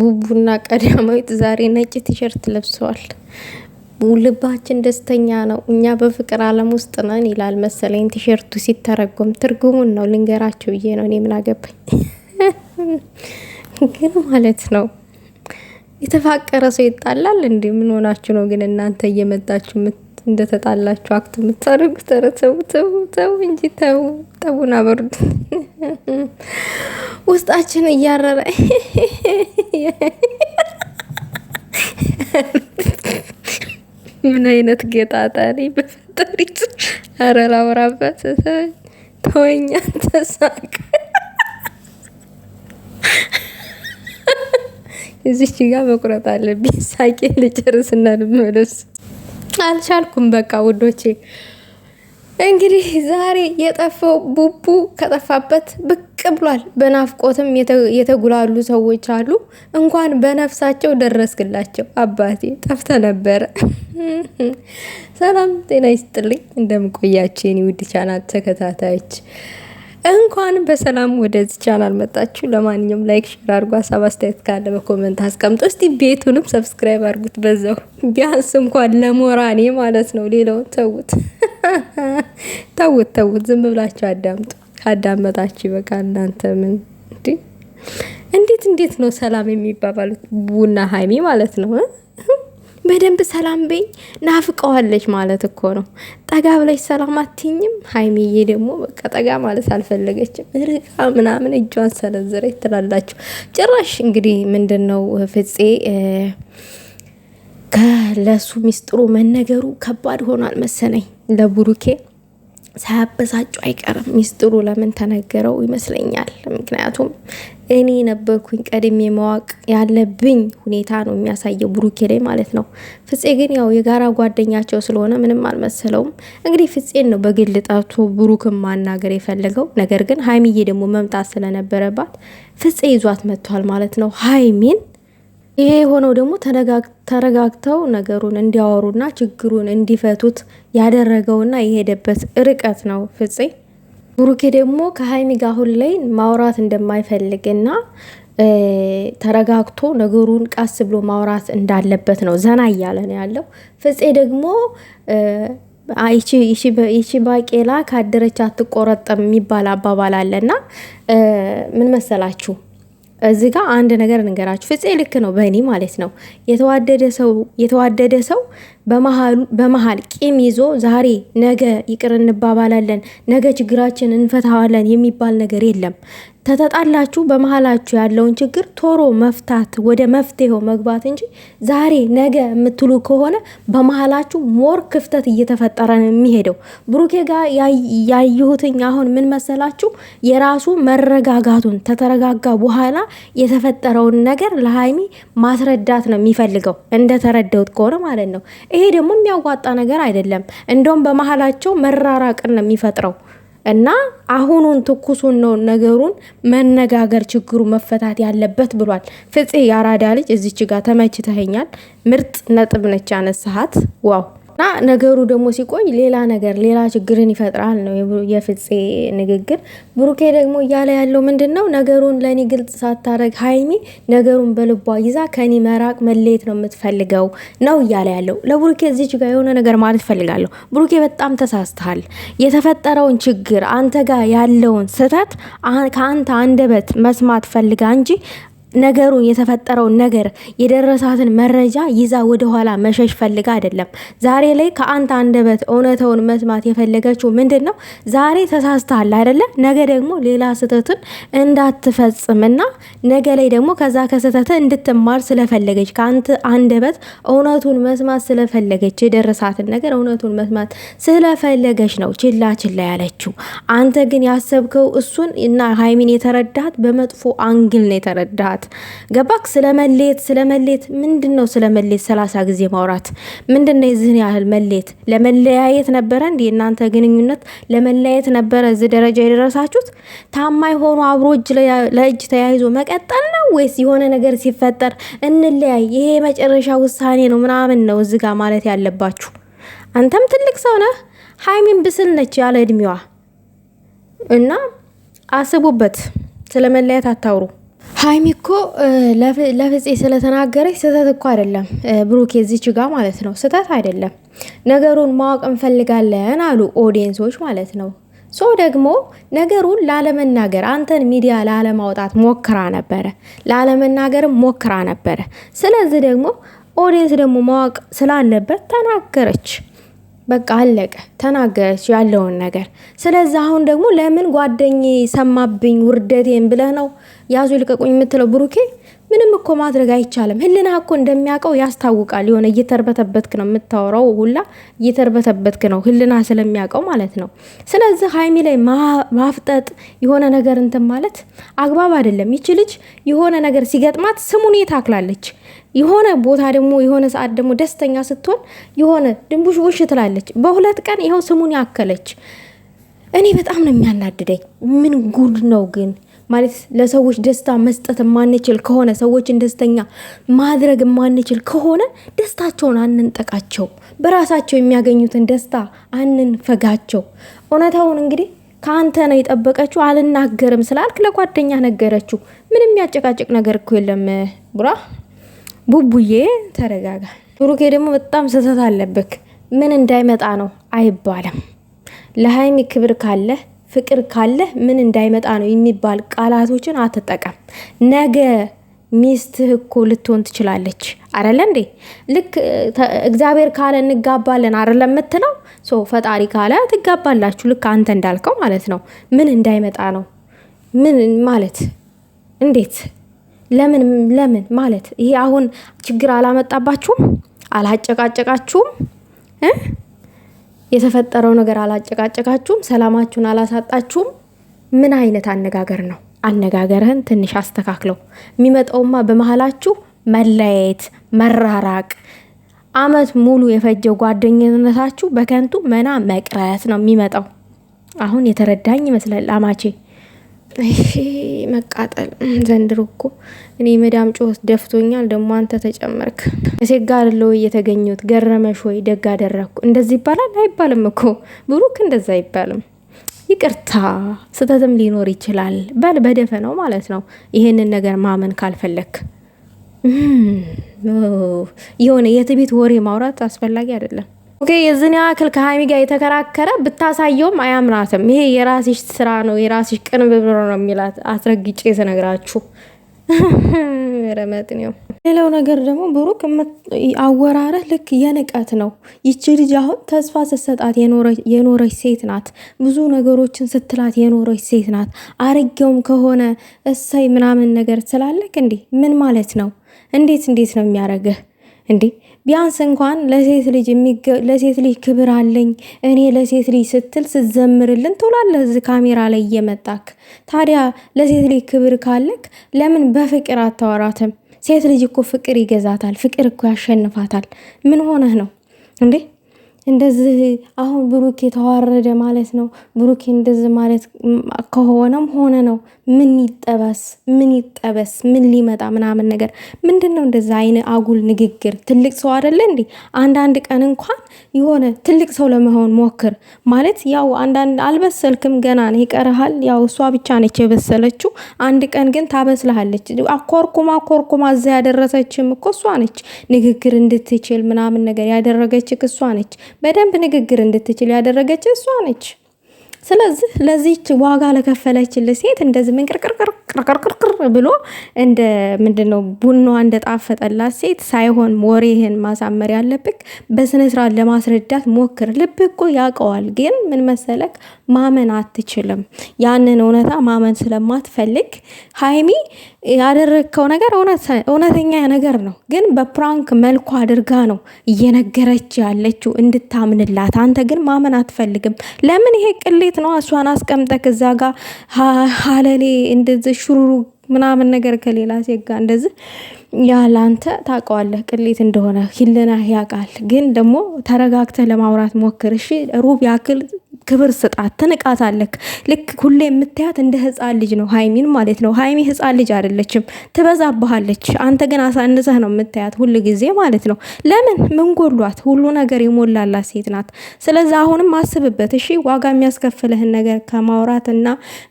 ቡቡና ቀዳማዊት ዛሬ ነጭ ቲሸርት ለብሰዋል። ልባችን ደስተኛ ነው፣ እኛ በፍቅር ዓለም ውስጥ ነን ይላል መሰለኝ ቲሸርቱ ሲተረጎም። ትርጉሙን ነው ልንገራቸው ብዬ ነው እኔ ምን አገባኝ። ግን ማለት ነው የተፋቀረ ሰው ይጣላል እንዴ? ምን ሆናችሁ ነው ግን እናንተ እየመጣችሁ እንደተጣላችሁ አክት የምታደርጉት? ኧረ ተው ተው ተው እንጂ ተው፣ ጠቡን በርዱ ውስጣችን እያረረ ምን አይነት ጌታ ታሪ በፈጠሪት አረ ላውራበት ተወኛ ተሳቅ እዚች ጋ መቁረጥ አለብኝ። ሳቄ ልጨርስና ልመለስ አልቻልኩም። በቃ ውዶቼ እንግዲህ ዛሬ የጠፋው ቡቡ ከጠፋበት ብቅ ብሏል። በናፍቆትም የተጉላሉ ሰዎች አሉ። እንኳን በነፍሳቸው ደረስክላቸው አባቴ ጠፍተ ነበረ። ሰላም ጤና ይስጥልኝ። እንደምቆያችሁ ውድ ቻናል ተከታታዮች እንኳን በሰላም ወደዚህ ቻናል መጣችሁ። ለማንኛውም ላይክ፣ ሼር አድርጉ። ሀሳብ አስተያየት ካለ በኮመንት አስቀምጦ እስቲ ቤቱንም ሰብስክራይብ አድርጉት። በዛው ቢያንስ እንኳን ለሞራኔ ማለት ነው። ሌላውን ተዉት። ተውት ተውት፣ ዝም ብላችሁ አዳምጡ። ካዳመጣችሁ ይበቃ። እናንተ ምን እንዲህ እንዴት እንዴት ነው ሰላም የሚባባሉት? ቡና ሀይሚ ማለት ነው። በደንብ ሰላም በኝ ናፍቀዋለች ማለት እኮ ነው። ጠጋ ብለሽ ሰላም አትኝም። ሀይሚዬ ደግሞ በቃ ጠጋ ማለት አልፈለገችም። ርቃ ምናምን እጇን ሰነዘረች ትላላችሁ። ጭራሽ እንግዲህ ምንድን ነው ፍፄ ከለሱ ሚስጥሩ መነገሩ ከባድ ሆኗል መሰለኝ። ለቡሩኬ ሳያበሳጩ አይቀርም። ሚስጥሩ ለምን ተነገረው ይመስለኛል። ምክንያቱም እኔ ነበርኩኝ ቀድሜ ማወቅ ያለብኝ ሁኔታ ነው የሚያሳየው ቡሩኬ ላይ ማለት ነው። ፍፄ ግን ያው የጋራ ጓደኛቸው ስለሆነ ምንም አልመሰለውም። እንግዲህ ፍፄን ነው በግል ጣቱ ብሩክን ማናገር የፈለገው። ነገር ግን ሀይሚዬ ደግሞ መምጣት ስለነበረባት ፍፄ ይዟት መጥቷል ማለት ነው ሀይሚን ይሄ የሆነው ደግሞ ተረጋግተው ነገሩን እንዲያወሩና ችግሩን እንዲፈቱት ያደረገውና የሄደበት ርቀት ነው ፍፄ። ብሩኬ ደግሞ ከሀይሚ ጋር አሁን ላይ ማውራት እንደማይፈልግና ተረጋግቶ ነገሩን ቀስ ብሎ ማውራት እንዳለበት ነው ዘና እያለ ነው ያለው። ፍጼ ደግሞ ይቺ ባቄላ ካደረች አትቆረጠም የሚባል አባባል አለና ምን መሰላችሁ እዚህ ጋር አንድ ነገር ንገራችሁ። ፍፄ ልክ ነው በእኔ ማለት ነው። የተዋደደ ሰው የተዋደደ ሰው በመሀል ቂም ይዞ ዛሬ ነገ ይቅር እንባባላለን፣ ነገ ችግራችን እንፈታዋለን የሚባል ነገር የለም። ተተጣላችሁ በመሀላችሁ ያለውን ችግር ቶሮ መፍታት ወደ መፍትሄው መግባት እንጂ ዛሬ ነገ የምትሉ ከሆነ በመሀላችሁ ሞር ክፍተት እየተፈጠረ ነው የሚሄደው። ብሩኬ ጋር ያየሁትኝ አሁን ምን መሰላችሁ? የራሱ መረጋጋቱን ከተረጋጋ በኋላ የተፈጠረውን ነገር ለሀይሚ ማስረዳት ነው የሚፈልገው እንደተረዳሁት ከሆነ ማለት ነው። ይሄ ደግሞ የሚያዋጣ ነገር አይደለም። እንደውም በመሀላቸው መራራቅን ነው የሚፈጥረው እና አሁኑን ትኩሱን ነው ነገሩን መነጋገር ችግሩ መፈታት ያለበት ብሏል ፍፄ። የአራዳ ልጅ እዚች ጋር ተመችተኸኛል። ምርጥ ነጥብ ነች ያነሳሃት ዋው እና ነገሩ ደግሞ ሲቆይ ሌላ ነገር ሌላ ችግርን ይፈጥራል ነው የፍፄ ንግግር። ብሩኬ ደግሞ እያለ ያለው ምንድን ነው ነገሩን ለእኔ ግልጽ ሳታረግ ሀይሚ ነገሩን በልቧ ይዛ ከኔ መራቅ መለየት ነው የምትፈልገው ነው እያለ ያለው። ለብሩኬ እዚች ጋር የሆነ ነገር ማለት ይፈልጋለሁ። ብሩኬ በጣም ተሳስተሃል። የተፈጠረውን ችግር አንተ ጋር ያለውን ስህተት ከአንተ አንደበት መስማት ፈልጋ እንጂ ነገሩን የተፈጠረውን ነገር የደረሳትን መረጃ ይዛ ወደኋላ መሸሽ ፈልጋ አይደለም። ዛሬ ላይ ከአንተ አንደበት እውነተውን መስማት የፈለገችው ምንድን ነው? ዛሬ ተሳስተሃል አይደለ? ነገ ደግሞ ሌላ ስህተትን እንዳትፈጽምና ነገ ላይ ደግሞ ከዛ ከስህተት እንድትማር ስለፈለገች ከአንተ አንደበት እውነቱን መስማት ስለፈለገች የደረሳትን ነገር እውነቱን መስማት ስለፈለገች ነው ችላ ችላ ያለችው። አንተ ግን ያሰብከው እሱን እና ሀይሚን የተረዳሃት በመጥፎ አንግል ነው የተረዳሃት ማውራት ገባክ? ስለ መሌት ስለ መሌት ምንድን ነው? ስለ መሌት ሰላሳ ጊዜ ማውራት ምንድን ነው? የዚህን ያህል መሌት ለመለያየት ነበረ እንዲ የእናንተ ግንኙነት ለመለያየት ነበረ እዚህ ደረጃ የደረሳችሁት? ታማኝ ሆኖ አብሮ እጅ ለእጅ ተያይዞ መቀጠል ነው ወይስ የሆነ ነገር ሲፈጠር እንለያይ፣ ይሄ የመጨረሻ ውሳኔ ነው ምናምን ነው እዚህ ጋር ማለት ያለባችሁ? አንተም ትልቅ ሰው ነህ። ሀይሚን ብስል ነች ያለ እድሜዋ እና አስቡበት። ስለ መለያየት አታውሩ። ሀይሚ እኮ ለፍፄ ስለተናገረች ስህተት እኮ አይደለም፣ ብሩኬ እዚች ጋ ማለት ነው ስህተት አይደለም። ነገሩን ማወቅ እንፈልጋለን አሉ ኦዲየንሶች ማለት ነው። ሶ ደግሞ ነገሩን ላለመናገር አንተን ሚዲያ ላለማውጣት ሞክራ ነበረ፣ ላለመናገርም ሞክራ ነበረ። ስለዚህ ደግሞ ኦዲየንስ ደግሞ ማወቅ ስላለበት ተናገረች። በቃ አለቀ። ተናገረች ያለውን ነገር። ስለዚህ አሁን ደግሞ ለምን ጓደኝ ሰማብኝ ውርደቴን ብለህ ነው ያዙ ይልቀቁኝ የምትለው ብሩኬ? ምንም እኮ ማድረግ አይቻልም። ህልና እኮ እንደሚያውቀው ያስታውቃል። የሆነ እየተርበተበትክ ነው የምታወራው ሁላ እየተርበተበትክ ነው፣ ህልና ስለሚያውቀው ማለት ነው። ስለዚህ ሀይሚ ላይ ማፍጠጥ የሆነ ነገር እንትን ማለት አግባብ አይደለም። ይቺ ልጅ የሆነ ነገር ሲገጥማት ስሙን ታክላለች። የሆነ ቦታ ደግሞ የሆነ ሰዓት ደግሞ ደስተኛ ስትሆን የሆነ ውሽ ትላለች። በሁለት ቀን ይኸው ስሙን ያከለች። እኔ በጣም ነው የሚያናድደኝ። ምን ጉድ ነው ግን ማለት ለሰዎች ደስታ መስጠት የማንችል ከሆነ ሰዎችን ደስተኛ ማድረግ የማንችል ከሆነ ደስታቸውን አንንጠቃቸው፣ በራሳቸው የሚያገኙትን ደስታ አንንፈጋቸው። እውነታውን እንግዲህ ከአንተ ነው የጠበቀችው። አልናገርም ስላልክ ለጓደኛ ነገረችው። ምንም የሚያጨቃጭቅ ነገር እኮ የለም። ቡራ ቡቡዬ ተረጋጋ። ሩኬ ደግሞ በጣም ስህተት አለብክ። ምን እንዳይመጣ ነው አይባልም። ለሀይሚ ክብር ካለ ፍቅር ካለህ ምን እንዳይመጣ ነው የሚባል ቃላቶችን አትጠቀም። ነገ ሚስትህ እኮ ልትሆን ትችላለች አደለ እንዴ? ልክ እግዚአብሔር ካለ እንጋባለን አደለ የምትለው ፈጣሪ ካለ ትጋባላችሁ። ልክ አንተ እንዳልከው ማለት ነው። ምን እንዳይመጣ ነው ምን ማለት እንዴት ለምን ለምን ማለት ይሄ አሁን ችግር አላመጣባችሁም? አላጨቃጨቃችሁም? የተፈጠረው ነገር አላጨቃጨቃችሁም፣ ሰላማችሁን አላሳጣችሁም። ምን አይነት አነጋገር ነው? አነጋገርህን ትንሽ አስተካክለው። የሚመጣውማ በመሀላችሁ መለያየት፣ መራራቅ፣ አመት ሙሉ የፈጀው ጓደኝነታችሁ በከንቱ መና መቅረት ነው የሚመጣው። አሁን የተረዳኝ ይመስላል አማቼ። መቃጠል ዘንድሮ እኮ እኔ መዳም ጮኸት ደፍቶኛል። ደግሞ አንተ ተጨመርክ። እሴት ጋር ለው እየተገኘት ገረመሽ ወይ ደግ አደረግኩ። እንደዚህ ይባላል አይባልም እኮ ብሩክ፣ እንደዛ አይባልም። ይቅርታ ስህተትም ሊኖር ይችላል። በል ነው ማለት ነው። ይሄንን ነገር ማመን ካልፈለክ የሆነ የትቤት ወሬ ማውራት አስፈላጊ አይደለም። ኦኬ የዝን ያክል ከሀይሚ ጋር የተከራከረ ብታሳየውም አያምናትም። ይሄ የራስሽ ስራ ነው የራስሽ ቅንብር ነው የሚላት አስረግጬ ስነግራችሁ ረመጥ ነው። ሌላው ነገር ደግሞ ብሩክ አወራረህ ልክ የንቀት ነው። ይቺ ልጅ አሁን ተስፋ ስትሰጣት የኖረች ሴት ናት። ብዙ ነገሮችን ስትላት የኖረች ሴት ናት። አርጌውም ከሆነ እሰይ ምናምን ነገር ስላለክ እንዴ ምን ማለት ነው? እንዴት እንዴት ነው የሚያደርግህ? እንዴ ቢያንስ እንኳን ለሴት ልጅ ለሴት ልጅ ክብር አለኝ እኔ ለሴት ልጅ ስትል ስትዘምርልን ትውላለህ እዚህ ካሜራ ላይ እየመጣክ። ታዲያ ለሴት ልጅ ክብር ካለክ ለምን በፍቅር አታወራትም? ሴት ልጅ እኮ ፍቅር ይገዛታል፣ ፍቅር እኮ ያሸንፋታል። ምን ሆነህ ነው እንዴ? እንደዚህ አሁን ብሩኬ ተዋረደ ማለት ነው። ብሩኬ እንደዚህ ማለት ከሆነም ሆነ ነው። ምን ይጠበስ ምን ይጠበስ ምን ሊመጣ ምናምን ነገር ምንድን ነው እንደዚ አይነ አጉል ንግግር። ትልቅ ሰው አደለ እንዴ? አንዳንድ ቀን እንኳን የሆነ ትልቅ ሰው ለመሆን ሞክር ማለት ያው አንዳንድ አልበሰልክም፣ ገና ነው ይቀርሃል። ያው እሷ ብቻ ነች የበሰለችው። አንድ ቀን ግን ታበስልሃለች። አኮርኩማ አኮርኩማ እዛ ያደረሰችም እኮ እሷ ነች። ንግግር እንድትችል ምናምን ነገር ያደረገች እሷ ነች። በደንብ ንግግር እንድትችል ያደረገች እሷ ነች። ስለዚህ ለዚች ዋጋ ለከፈለችል ሴት እንደዚህ ምንቅርቅርቅርቅርቅር ብሎ እንደ ምንድነው ቡናዋ እንደጣፈጠላት ሴት ሳይሆን ወሬህን ማሳመር ያለብክ በስነ ስርዓት ለማስረዳት ሞክር። ልብ እኮ ያውቀዋል፣ ግን ምን መሰለክ ማመን አትችልም። ያንን እውነታ ማመን ስለማትፈልግ ሀይሚ ያደረግከው ነገር እውነተኛ ነገር ነው፣ ግን በፕራንክ መልኩ አድርጋ ነው እየነገረች ያለችው እንድታምንላት። አንተ ግን ማመን አትፈልግም። ለምን? ይሄ ቅሌት ነው። እሷን አስቀምጠክ እዛ ጋር ሀለሌ እንደዚህ ሹሩሩ ምናምን ነገር ከሌላ ሴት ጋር እንደዚህ ያለ አንተ ታውቀዋለህ፣ ቅሌት እንደሆነ ሂልና ያውቃል። ግን ደግሞ ተረጋግተህ ለማውራት ሞክር እሺ። ሩብ ያክል ክብር ስጣት። ትንቃታለህ። ልክ ሁሌ የምታያት እንደ ህፃን ልጅ ነው ሀይሚን ማለት ነው። ሀይሚ ህፃን ልጅ አይደለችም፣ ትበዛብሃለች። አንተ ግን አሳንሰህ ነው የምታያት ሁል ጊዜ ማለት ነው። ለምን ምን ጎሏት? ሁሉ ነገር የሞላላት ሴት ናት። ስለዚ አሁንም አስብበት እሺ። ዋጋ የሚያስከፍልህን ነገር ከማውራትና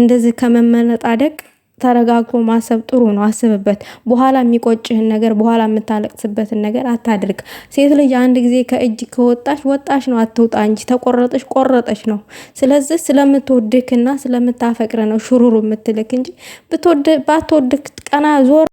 እንደዚህ ከመመነጣደቅ ተረጋግቶ ማሰብ ጥሩ ነው። አስብበት። በኋላ የሚቆጭህን ነገር በኋላ የምታለቅስበትን ነገር አታድርግ። ሴት ልጅ አንድ ጊዜ ከእጅ ከወጣሽ ወጣሽ ነው፣ አትውጣ እንጂ ተቆረጠሽ ቆረጠሽ ነው። ስለዚህ ስለምትወድክና ስለምታፈቅር ነው ሽሩሩ የምትልክ እንጂ ባትወድክ ቀና ዞር